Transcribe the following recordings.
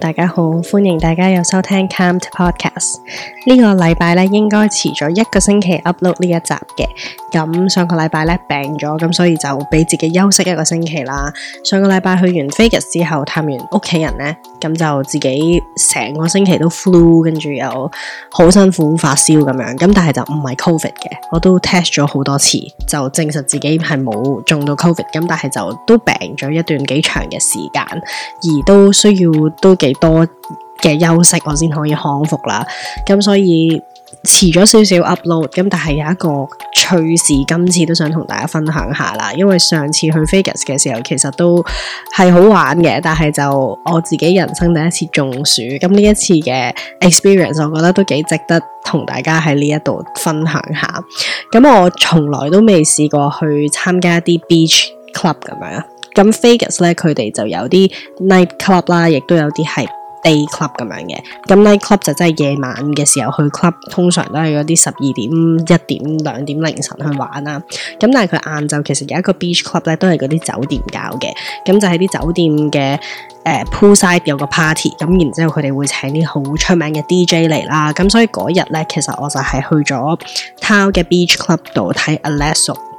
大家好，歡迎大家又收聽 Calmed Podcast。呢個禮拜咧，應該遲咗一個星期 upload 呢一集嘅。咁上個禮拜咧，病咗，咁所以就俾自己休息一個星期啦。上個禮拜去完 Vegas 之後探完屋企人咧，咁就自己成個星期都 flu，跟住又好辛苦發燒咁樣。咁但係就唔係 Covid 嘅，我都 test 咗好多次，就證實自己係冇中到 Covid。咁但係就都病咗一段幾長嘅時間，而都需要都幾多嘅休息，我先可以康復啦。咁所以。遲咗少少 upload，咁但係有一個趣事，今次都想同大家分享下啦。因為上次去 Vegas 嘅時候，其實都係好玩嘅，但係就我自己人生第一次中暑。咁呢一次嘅 experience，我覺得都幾值得同大家喺呢一度分享下。咁我從來都未試過去參加啲 beach club 咁樣，咁 Vegas 咧，佢哋就有啲 night club 啦，亦都有啲係。Day club 咁樣嘅，咁 night club 就真係夜晚嘅時候去 club，通常都係嗰啲十二點、一點、兩點凌晨去玩啦、啊。咁但係佢晏晝其實有一個 beach club 咧，都係嗰啲酒店搞嘅，咁就喺啲酒店嘅誒、呃、pool side 有個 party，咁然之後佢哋會請啲好出名嘅 DJ 嚟啦。咁所以嗰日咧，其實我就係去咗 Town 嘅 beach club 度睇 Alexo。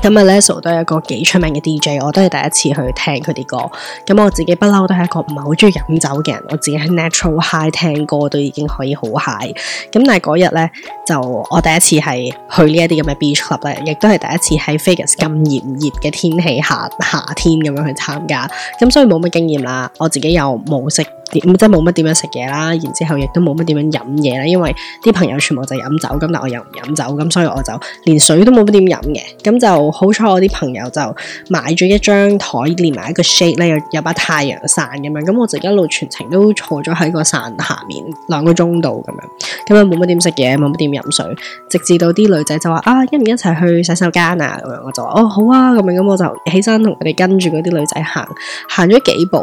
今日 Nasal 都有一個幾出名嘅 DJ，我都係第一次去聽佢啲歌。咁我自己不嬲都係一個唔係好鍾意飲酒嘅人，我自己係 natural high 聽歌都已經可以好 high。咁但係嗰日咧，就我第一次係去這些呢一啲咁嘅 beach club 咧，亦都係第一次喺 Vegas 咁炎熱嘅天氣下夏，夏天咁樣去參加。咁所以冇乜經驗啦，我自己又冇食，即係冇乜點樣食嘢啦。然之後亦都冇乜點樣飲嘢啦，因為啲朋友全部就飲酒，咁但我又唔飲酒，咁所以我就連水都冇點飲嘅。咁好彩我啲朋友就買咗一張台連埋一個 shade 咧，有有把太陽傘咁樣，咁我就一路全程都坐咗喺個傘下面兩個鐘度咁樣，咁啊冇乜點食嘢，冇乜點飲水，直至到啲女仔就話啊，一唔一齊去洗手間啊咁樣，我就話哦好啊咁樣，咁我就起身同佢哋跟住嗰啲女仔行，行咗幾步，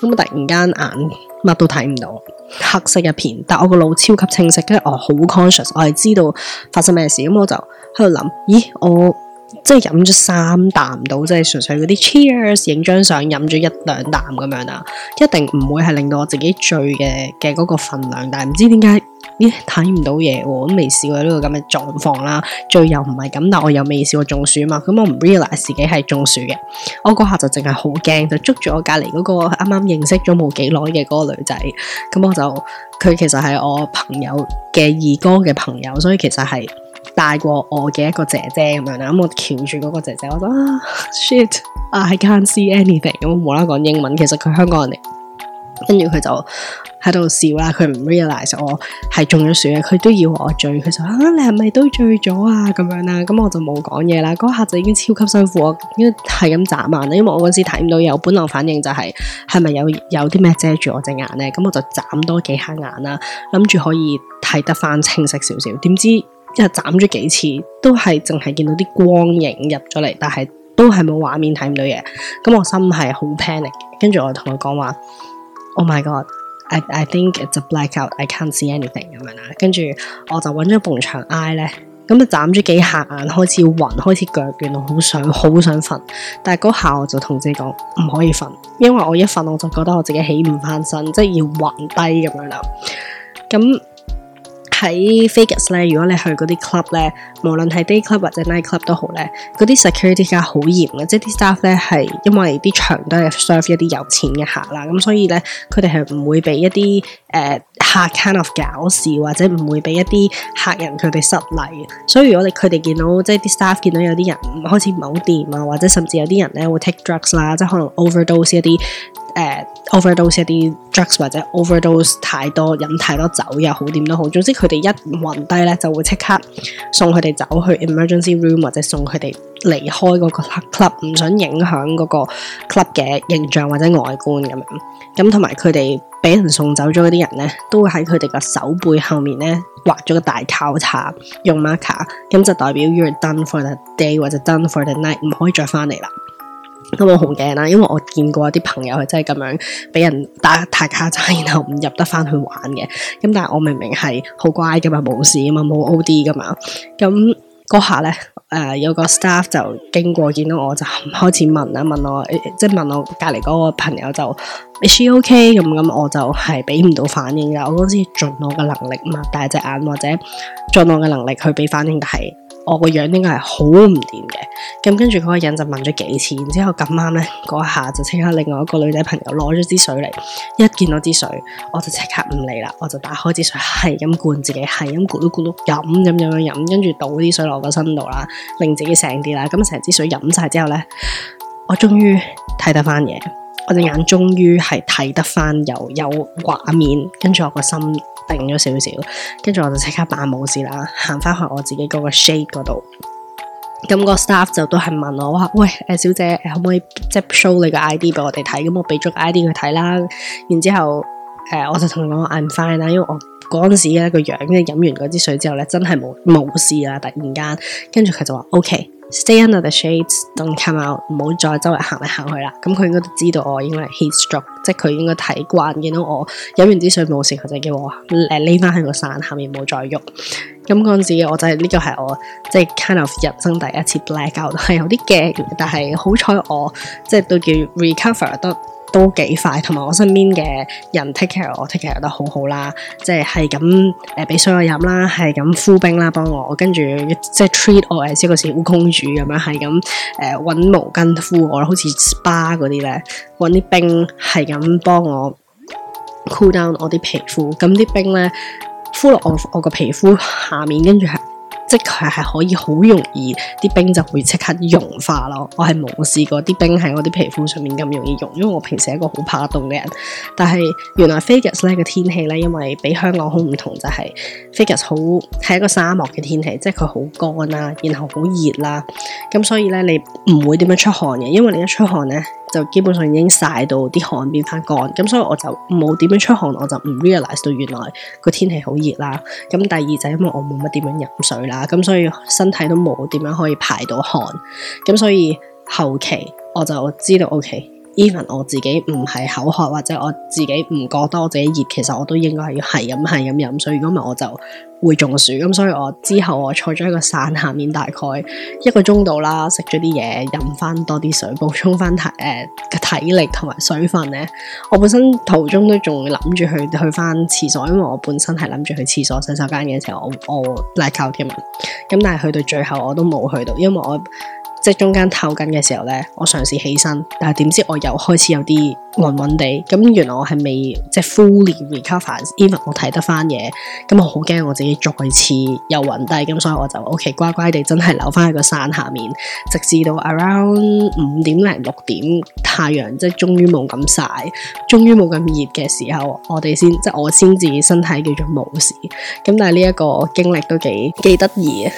咁我突然間眼乜都睇唔到，黑色一片，但我個腦超級清晰，跟住我好 conscious，我係知道發生咩事，咁我就喺度諗，咦我。即係飲咗三啖到，即係純粹嗰啲 cheers，影張相飲咗一兩啖咁樣啦，一定唔會係令到我自己醉嘅嘅嗰個份量，但係唔知點解，咦睇唔到嘢喎，都未試過呢個咁嘅狀況啦，醉又唔係咁，但我又未試過中暑啊嘛，咁我唔 realize 自己係中暑嘅，我嗰下就淨係好驚，就捉住我隔籬嗰個啱啱認識咗冇幾耐嘅嗰個女仔，咁我就佢其實係我朋友嘅二哥嘅朋友，所以其實係。大過我嘅一個姐姐咁樣啦，咁我翹住嗰個姐姐，我啊、oh, shit，I can't see anything，咁我無啦講英文，其實佢香港人嚟，跟住佢就喺度笑啦，佢唔 realize 我係中咗暑，佢都要我醉，佢就啊，ah, 你係咪都醉咗啊？咁樣啦，咁我就冇講嘢啦，嗰刻就已經超級辛苦，我係咁眨眼啦，因為我嗰時睇唔到嘢，本能反應就係係咪有有啲咩遮住我隻眼咧？咁我就眨多幾下眼啦，諗住可以睇得翻清晰少少，點知？即係斬咗幾次，都係淨係見到啲光影入咗嚟，但係都係冇畫面，睇唔到嘢。咁我心係好 panic，跟住我同佢講話：Oh my god，I think it's a blackout，I can't see anything 咁樣啦。跟住我就揾咗埲牆挨咧，咁就斬咗幾下眼，開始暈，開始腳亂，原來好想好想瞓。但係嗰下我就同自己講唔可以瞓，因為我一瞓我就覺得我自己起唔翻身，即係要暈低咁樣啦。咁喺 Vegas 咧，如果你去嗰啲 club 咧，無論係 day club 或者 night club 都好咧，嗰啲 security 架好嚴嘅，即係啲 staff 咧係因為啲場都係 serve 一啲有錢嘅客啦，咁所以咧佢哋係唔會俾一啲誒。呃客 Kind of 搞事或者唔會俾一啲客人佢哋失禮，所以如果我哋佢哋見到即係啲 staff 見到有啲人開始唔好掂啊，或者甚至有啲人咧會 take drugs 啦、啊，即係可能 overdose 一啲誒、呃、overdose 一啲 drugs 或者 overdose 太多飲太多酒又好點都好，總之佢哋一暈低咧就會即刻送佢哋走去 emergency room 或者送佢哋離開嗰個 club，唔想影響嗰個 club 嘅形象或者外觀咁樣，咁同埋佢哋。俾人送走咗嗰啲人咧，都會喺佢哋嘅手背後面咧畫咗個大交叉，用 marker，咁就代表 you're done for the day 或者 done for the night，唔可以再翻嚟啦。咁我好驚啦，因為我見過啲朋友係真係咁樣俾人打太卡扎，然後唔入得翻去玩嘅。咁但係我明明係好乖噶嘛，冇事啊嘛，冇 OD 噶嘛，咁嗰下咧。誒，uh, 有個 staff 就經過，見到我就開始問啦、啊，問我即係問我隔籬嗰個朋友就 She OK 咁咁、嗯，我就係俾唔到反應㗎，我嗰時盡我嘅能力嘛，大隻眼或者盡我嘅能力去俾反應嘅係。我個樣應該係好唔掂嘅，咁跟住嗰個人就問咗幾次，之後咁啱咧嗰下就即刻另外一個女仔朋友攞咗支水嚟，一見到支水我就即刻唔理啦，我就打開支水係咁灌自己，係咁咕嚕咕嚕飲，咁樣樣飲，跟住倒啲水落個身度啦，令自己醒啲啦，咁成支水飲晒之後咧，我終於睇得翻嘢，我隻眼終於係睇得翻有有畫面，跟住我個心。定咗少少，跟住我就即刻扮冇事啦，行翻去我自己嗰、那個 shade 嗰度。咁個 staff 就都係問我話：喂，誒，小姐，可唔可以即係 show 你個 ID 俾我哋睇？咁我俾咗 ID 佢睇啦。然之後，誒、呃，我就同佢講 I'm fine 啦。因為我嗰陣時嘅個樣，即係飲完嗰支水之後咧，真係冇冇事啦。突然間，跟住佢就話：OK。stay u n d e r t h e shades，don't come out，唔好再周圍行嚟行去啦。咁佢應該都知道我已經係 h e t s t r o k，即係佢應該睇慣，見到我飲完支水冇事，佢就叫我誒匿翻喺個傘下面，冇再喐。咁嗰陣時我就係、是、呢、這個係我即係、就是、kind of 人生第一次 blackout，係 有啲驚，但係好彩我即係都叫 recover 得。都幾快，同埋我身邊嘅人 take care 我 take care 得好好啦，即係係咁誒俾水我飲啦，係咁敷冰啦，幫我跟住即係 treat 我係一個小公主咁樣，係咁誒搵毛巾敷我，好似 spa 嗰啲咧，搵啲冰係咁幫我 cool down 我啲皮膚，咁啲冰咧敷落我我個皮膚下面，跟住係。即係係可以好容易啲冰就會即刻融化咯。我係冇試過啲冰喺我啲皮膚上面咁容易溶，因為我平時係一個好怕凍嘅人。但係原來 Vegas 咧嘅天氣咧，因為比香港好唔同就係 Vegas 好係一個沙漠嘅天氣，即係佢好乾啦，然後好熱啦，啊。咁所以咧你唔會點樣出汗嘅，因為你一出汗咧。就基本上已經曬到啲汗變翻乾，咁所以我就冇點樣出汗，我就唔 realize 到原來個天氣好熱啦。咁第二就是因為我唔乜點樣飲水啦，咁所以身體都冇點樣可以排到汗，咁所以後期我就知道 OK。even 我自己唔係口渴或者我自己唔覺得我自己熱，其實我都應該係要係咁係咁飲水。如果唔係我就會中暑。咁、嗯、所以我之後我坐咗喺個傘下面大概一個鐘度啦，食咗啲嘢，飲翻多啲水，補充翻體誒嘅、呃、體力同埋水分咧。我本身途中都仲諗住去去翻廁所，因為我本身係諗住去廁所洗手間嘅時候，我我 blackout 添啊。咁、嗯、但係去到最後我都冇去到，因為我。即係中間透緊嘅時候咧，我嘗試起身，但係點知我又開始有啲暈暈地，咁原來我係未即係 fully recover，even 我睇得翻嘢，咁我好驚我自己再次又暈低，咁所以我就 OK 乖乖地真係留翻喺個山下面，直至到 around 五點零六點，太陽即係終於冇咁晒，終於冇咁熱嘅時候，我哋先即係我先自己身體叫做冇事，咁但係呢一個經歷都幾幾得意啊！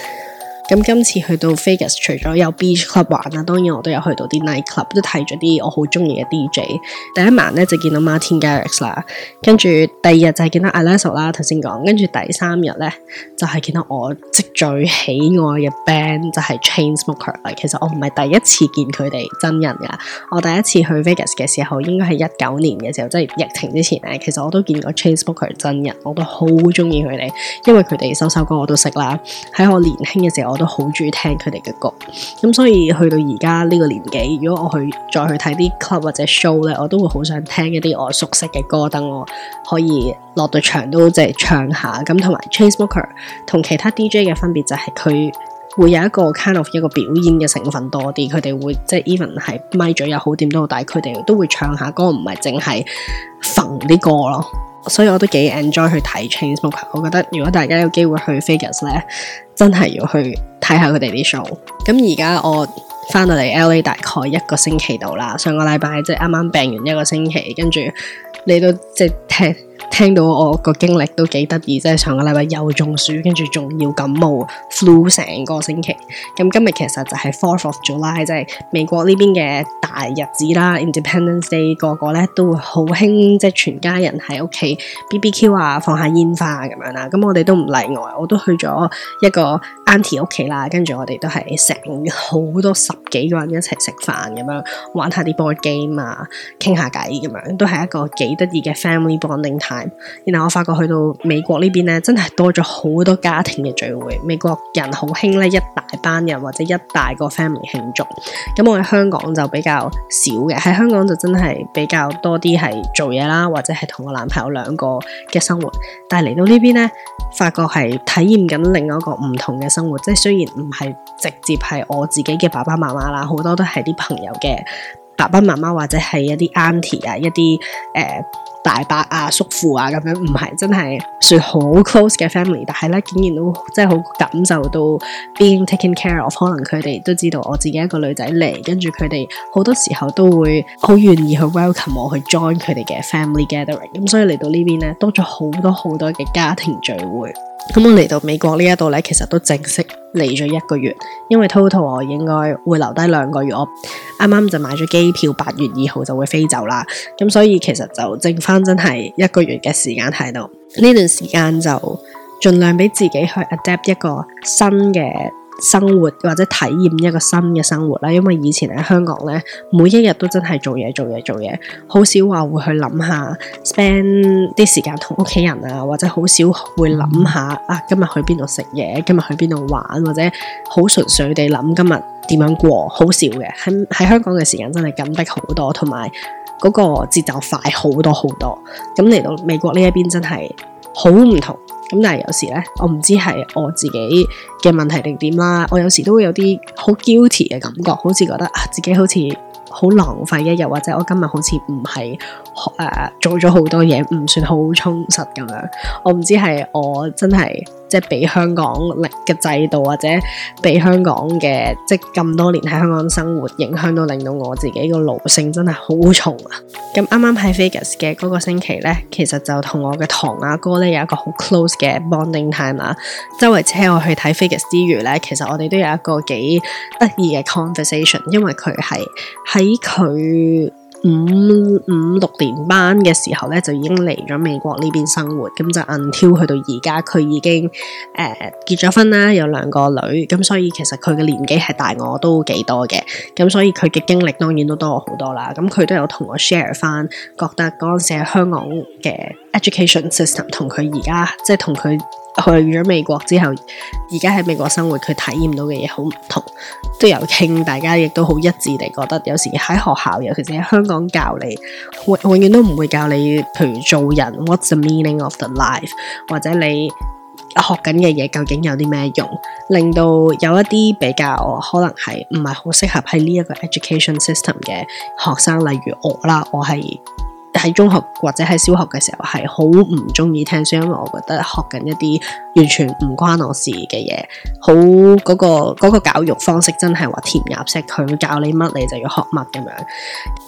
咁今次去到 Vegas，除咗有 beach club 玩啦，當然我都有去到啲 night club，都睇咗啲我好中意嘅 DJ。第一晚咧就見到 Martin Garrix 啦，跟住第二日就係見到 Alesso 啦，頭先講，跟住第三日咧就係見到我即最喜愛嘅 band 就係 Chainsmokers。其實我唔係第一次見佢哋真人㗎，我第一次去 Vegas 嘅時候應該係一九年嘅時候，即係、就是、疫情之前咧。其實我都見過 Chainsmokers 真人，我都好中意佢哋，因為佢哋首首歌我都識啦。喺我年輕嘅時候，我都好中意聽佢哋嘅歌，咁所以去到而家呢個年紀，如果我去再去睇啲 club 或者 show 呢，我都會好想聽一啲我熟悉嘅歌，等我可以落到場都即係唱下。咁同埋 Chainsmokers 同其他 DJ 嘅分別就係佢會有一個 kind of 一個表演嘅成分多啲，佢哋會即係 even 係咪嘴又好點都好，但係佢哋都會唱下歌，唔係淨係揈啲歌咯。所以我都幾 enjoy 去睇 Chainsmokers。我覺得如果大家有機會去 Vegas 咧，真係要去睇下佢哋啲 show。咁而家我翻到嚟 LA 大概一個星期度啦，上個禮拜即係啱啱病完一個星期，跟住你都即聽。聽到我個經歷都幾得意，即係上個禮拜又中暑，跟住仲要感冒，flu 成個星期。咁今日其實就係 fourth of July 咗啦，即係美國呢邊嘅大日子啦，Independence Day，個個咧都會好興，即係全家人喺屋企 BBQ 啊，放下煙花咁、啊、樣啦。咁我哋都唔例外，我都去咗一個 auntie 屋企啦，跟住我哋都係成好多十幾個人一齊食飯咁樣，玩下啲 board game 啊，傾下偈咁樣，都係一個幾得意嘅 family bonding。然後我發覺去到美國呢邊咧，真係多咗好多家庭嘅聚會。美國人好興咧，一大班人或者一大個 family 慶祝。咁我喺香港就比較少嘅，喺香港就真係比較多啲係做嘢啦，或者係同我男朋友兩個嘅生活。但係嚟到呢邊呢，發覺係體驗緊另外一個唔同嘅生活。即係雖然唔係直接係我自己嘅爸爸媽媽啦，好多都係啲朋友嘅。爸爸媽媽或者係一啲 auntie 啊，一啲誒、呃、大伯啊、叔父啊咁樣，唔係真係算好 close 嘅 family，但係咧，竟然都即係好感受到 being taken care of，可能佢哋都知道我自己一個女仔嚟，跟住佢哋好多時候都會好願意去 welcome 我去 join 佢哋嘅 family gathering，咁、嗯、所以嚟到呢邊咧多咗好多好多嘅家庭聚會，咁我嚟到美國呢一度咧，其實都正式。嚟咗一個月，因為 total 我應該會留低兩個月，我啱啱就買咗機票，八月二號就會飛走啦。咁所以其實就剩翻真係一個月嘅時間喺度，呢段時間就盡量俾自己去 adapt 一個新嘅生活或者體驗一個新嘅生活啦，因為以前喺香港咧，每一日都真係做嘢做嘢做嘢，好少話會去諗下，spend 啲時間同屋企人啊，或者好少會諗下啊，今日去邊度食嘢，今日去邊度玩，或者好純粹地諗今日點樣過，好少嘅。喺喺香港嘅時間真係緊迫好多，同埋嗰個節奏快好多好多。咁嚟到美國呢一邊真係好唔同。但係有時呢，我唔知係我自己嘅問題定點啦。我有時都會有啲好 guilty 嘅感覺，好似覺得，啊，自己好似好浪費一日，或者我今日好似唔係誒做咗好多嘢，唔算好充實咁樣。我唔知係我真係。即係俾香港力嘅制度，或者俾香港嘅即咁多年喺香港生活，影響到令到我自己、這個奴性真係好重啊！咁啱啱喺 Vegas 嘅嗰個星期呢，其實就同我嘅堂阿、啊、哥呢有一個好 close 嘅 bonding time 啊。周圍車我去睇 Vegas 之餘呢，其實我哋都有一個幾得意嘅 conversation，因為佢係喺佢。五五六年班嘅時候咧，就已經嚟咗美國呢邊生活，咁就 until 去到而家，佢已經誒、呃、結咗婚啦，有兩個女，咁所以其實佢嘅年紀係大我都幾多嘅，咁所以佢嘅經歷當然都多我好多啦，咁佢都有同我 share 返，覺得嗰陣時喺香港嘅 education system 同佢而家即係同佢。去完咗美國之後，而家喺美國生活，佢體驗到嘅嘢好唔同，都有傾，大家亦都好一致地覺得，有時喺學校，尤其是喺香港教你，永遠都唔會教你，譬如做人，what's the meaning of the life，或者你學緊嘅嘢究竟有啲咩用，令到有一啲比較可能係唔係好適合喺呢一個 education system 嘅學生，例如我啦，我係。喺中學或者喺小學嘅時候，係好唔中意聽書因為我覺得學緊一啲完全唔關我事嘅嘢，好嗰個、嗰個教育方式真係話填鴨式，佢教你乜你就要學乜咁樣。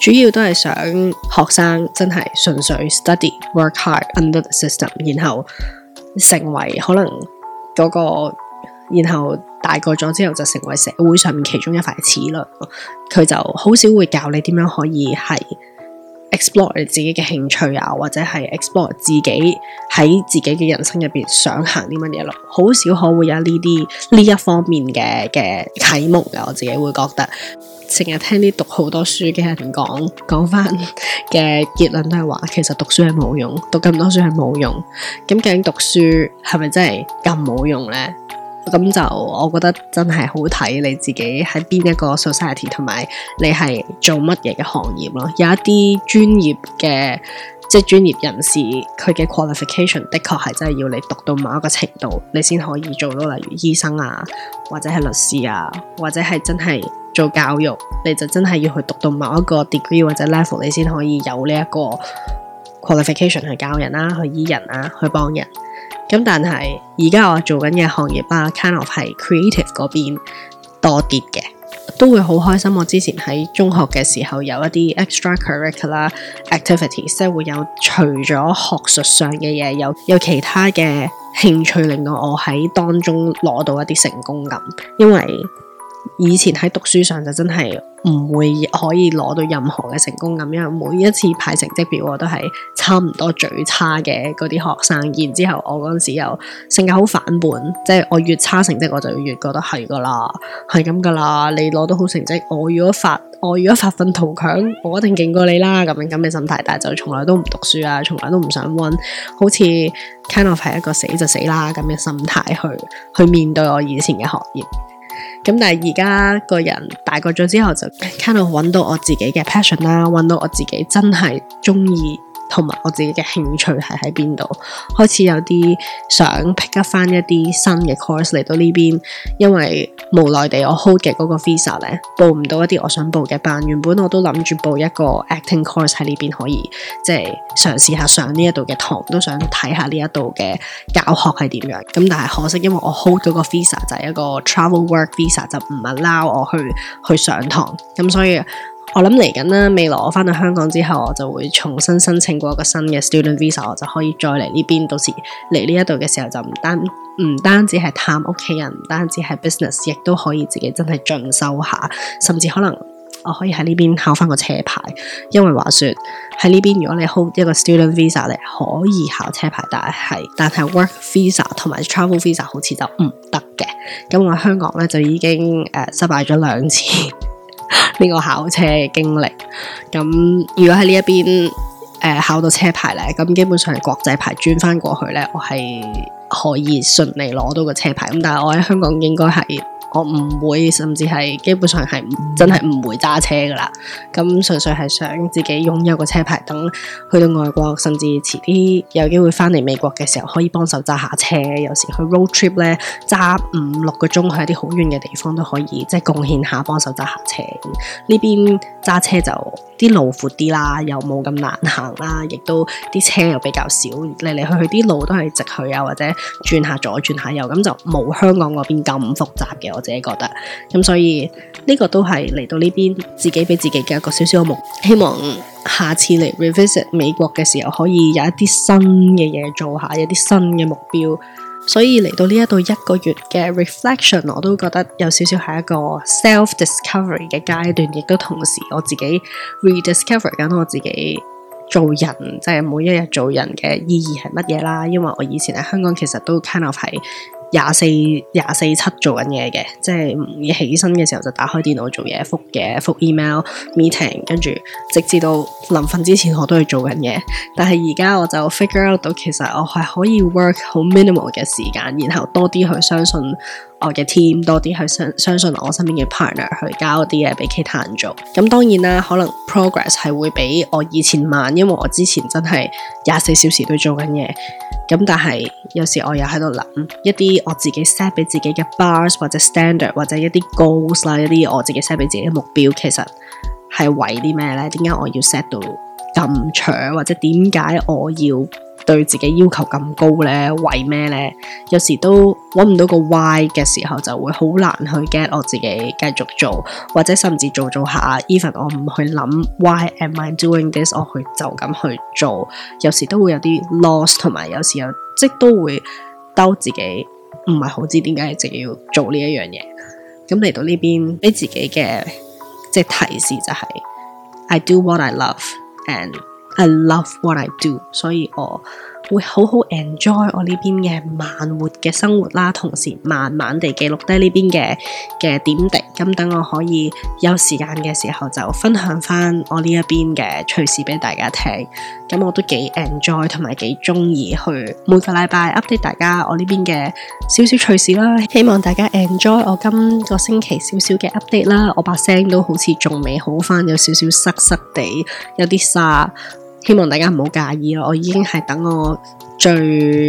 主要都係想學生真係純粹 study, work hard under the system，然後成為可能嗰個，然後大個咗之後就成為社會上面其中一塊齒輪。佢就好少會教你點樣可以係。explore 你自己嘅興趣啊，或者係 explore 自己喺自己嘅人生入邊想行啲乜嘢咯，好少可會有呢啲呢一方面嘅嘅啟蒙嘅，我自己會覺得成日聽啲讀好多書嘅人講講翻嘅結論都係話，其實讀書係冇用，讀咁多書係冇用，咁究竟讀書係咪真係咁冇用呢？咁就，我覺得真係好睇你自己喺邊一個 society，同埋你係做乜嘢嘅行業咯。有一啲專業嘅，即係專業人士，佢嘅 qualification 的確係真係要你讀到某一個程度，你先可以做到，例如醫生啊，或者係律師啊，或者係真係做教育，你就真係要去讀到某一個 degree 或者 level，你先可以有呢一個 qualification 去教人啦，啊，去醫人啊，去幫人。咁但係而家我做緊嘅行業啦，kind of 係 creative 嗰邊多啲嘅，都會好開心。我之前喺中學嘅時候有一啲 extra curricular activities 即係會有除咗學術上嘅嘢，有有其他嘅興趣令到我喺當中攞到一啲成功感，因為。以前喺讀書上就真係唔會可以攞到任何嘅成功咁樣，每一次派成績表我都係差唔多最差嘅嗰啲學生。然之後我嗰陣時又性格好反叛，即係我越差成績我就越覺得係噶啦，係咁噶啦。你攞到好成績，我如果發我如果發奮圖強，我一定勁過你啦咁樣咁嘅心態。但係就從來都唔讀書啊，從來都唔想溫，好似 kind of 係一個死就死啦咁嘅心態去去面對我以前嘅學業。咁但係而家個人大個咗之後就 kind of 我揾到我自己嘅 passion 啦，揾到我自己真係中意。同埋我自己嘅興趣係喺邊度，開始有啲想 pick up 翻一啲新嘅 course 嚟到呢邊，因為無奈地我 hold 嘅嗰個 visa 咧，報唔到一啲我想報嘅班。原本我都諗住報一個 acting course 喺呢邊，可以即係、就是、嘗試下上呢一度嘅堂，都想睇下呢一度嘅教學係點樣。咁但係可惜，因為我 hold 咗個 visa 就係一個 travel work visa，就唔係 allow 我去去上堂，咁所以。我諗嚟緊啦，未來我翻到香港之後，我就會重新申請過一個新嘅 student visa，我就可以再嚟呢邊。到時嚟呢一度嘅時候就，就唔單唔單止係探屋企人，唔單止係 business，亦都可以自己真係進修下，甚至可能我可以喺呢邊考翻個車牌。因為話說喺呢邊，如果你 hold 一個 student visa 咧，可以考車牌，但係但係 work visa 同埋 travel visa 好似就唔得嘅。咁我喺香港咧就已經誒、uh, 失敗咗兩次。呢個考車嘅經歷，咁如果喺呢一邊、呃、考到車牌咧，咁基本上係國際牌轉翻過去咧，我係可以順利攞到個車牌。咁但係我喺香港應該係。我唔會，甚至係基本上係真係唔會揸車噶啦。咁純粹係想自己擁有個車牌，等去到外國，甚至遲啲有機會翻嚟美國嘅時候，可以幫手揸下車。有時去 road trip 咧，揸五六個鐘去一啲好遠嘅地方，都可以即係貢獻下，幫手揸下車。呢邊。揸車就啲路闊啲啦，又冇咁難行啦，亦都啲車又比較少，嚟嚟去去啲路都係直去啊，或者轉下左轉下右，咁就冇香港嗰邊咁複雜嘅。我自己覺得，咁所以呢個都係嚟到呢邊自己俾自己嘅一個少少嘅夢。希望下次嚟 revisit 美國嘅時候，可以有一啲新嘅嘢做一下，有啲新嘅目標。所以嚟到呢一度一個月嘅 reflection，我都覺得有少少係一個 self discovery 嘅階段，亦都同時我自己 rediscover 緊我自己做人，即係每一日做人嘅意義係乜嘢啦。因為我以前喺香港其實都 kind of 係。廿四廿四七做緊嘢嘅，即係唔起身嘅時候就打開電腦做嘢，複嘅複 email、meeting，跟住直至到臨瞓之前我都係做緊嘢。但係而家我就 figure out 到，其實我係可以 work 好 minimal 嘅時間，然後多啲去相信我嘅 team，多啲去相相信我身邊嘅 partner 去交啲嘢俾其他人做。咁當然啦，可能 progress 係會比我以前慢，因為我之前真係廿四小時都做緊嘢。咁但係有時我又喺度諗一啲我自己 set 俾自己嘅 bars 或者 standard 或者一啲 goals 啦，一啲我自己 set 俾自己嘅目標其實係為啲咩呢？點解我要 set 到咁長或者點解我要？對自己要求咁高呢？為咩呢？有時都揾唔到個 why 嘅時候，就會好難去 get 我自己繼續做，或者甚至做做下。Even 我唔去諗 Why am I doing this，我去就咁去做。有時都會有啲 lost，同埋有，有時又即都會兜自己唔係好知點解就要做呢一樣嘢。咁嚟到呢邊，俾自己嘅即係提示就係、是、I do what I love and。I love what I do，所以我會好好 enjoy 我呢邊嘅慢活嘅生活啦，同時慢慢地記錄低呢邊嘅嘅點滴，咁等我可以有時間嘅時候就分享翻我呢一邊嘅趣事俾大家聽。咁我都幾 enjoy 同埋幾中意去每個禮拜 update 大家我呢邊嘅少少趣事啦，希望大家 enjoy 我今個星期少少嘅 update 啦。我把聲都好似仲未好翻，有少少塞塞地，有啲沙。希望大家唔好介意咯，我已經係等我最，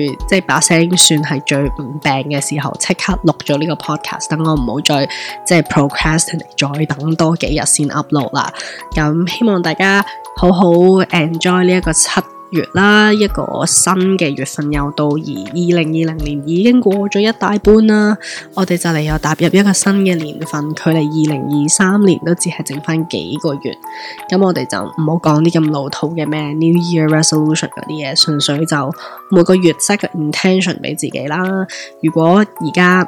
即係把聲算係最唔病嘅時候，即刻錄咗呢個 podcast，等我唔好再即係 procrastinate，再等多幾日先 upload 啦。咁，嗯，希望大家好好 enjoy 呢個七月啦，一個新嘅月份又到，而二零二零年已經過咗一大半啦。我哋就嚟又踏入一個新嘅年份，距離二零二三年都只係剩翻幾個月。咁我哋就唔好講啲咁老土嘅咩 New Year Resolution 嗰啲嘢，純粹就每個月 set 個 intention 俾自己啦。如果而家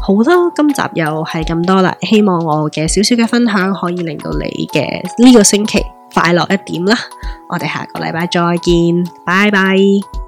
好啦，今集又係咁多啦，希望我嘅少少嘅分享可以令到你嘅呢個星期快樂一點啦。我哋下個禮拜再見，拜拜。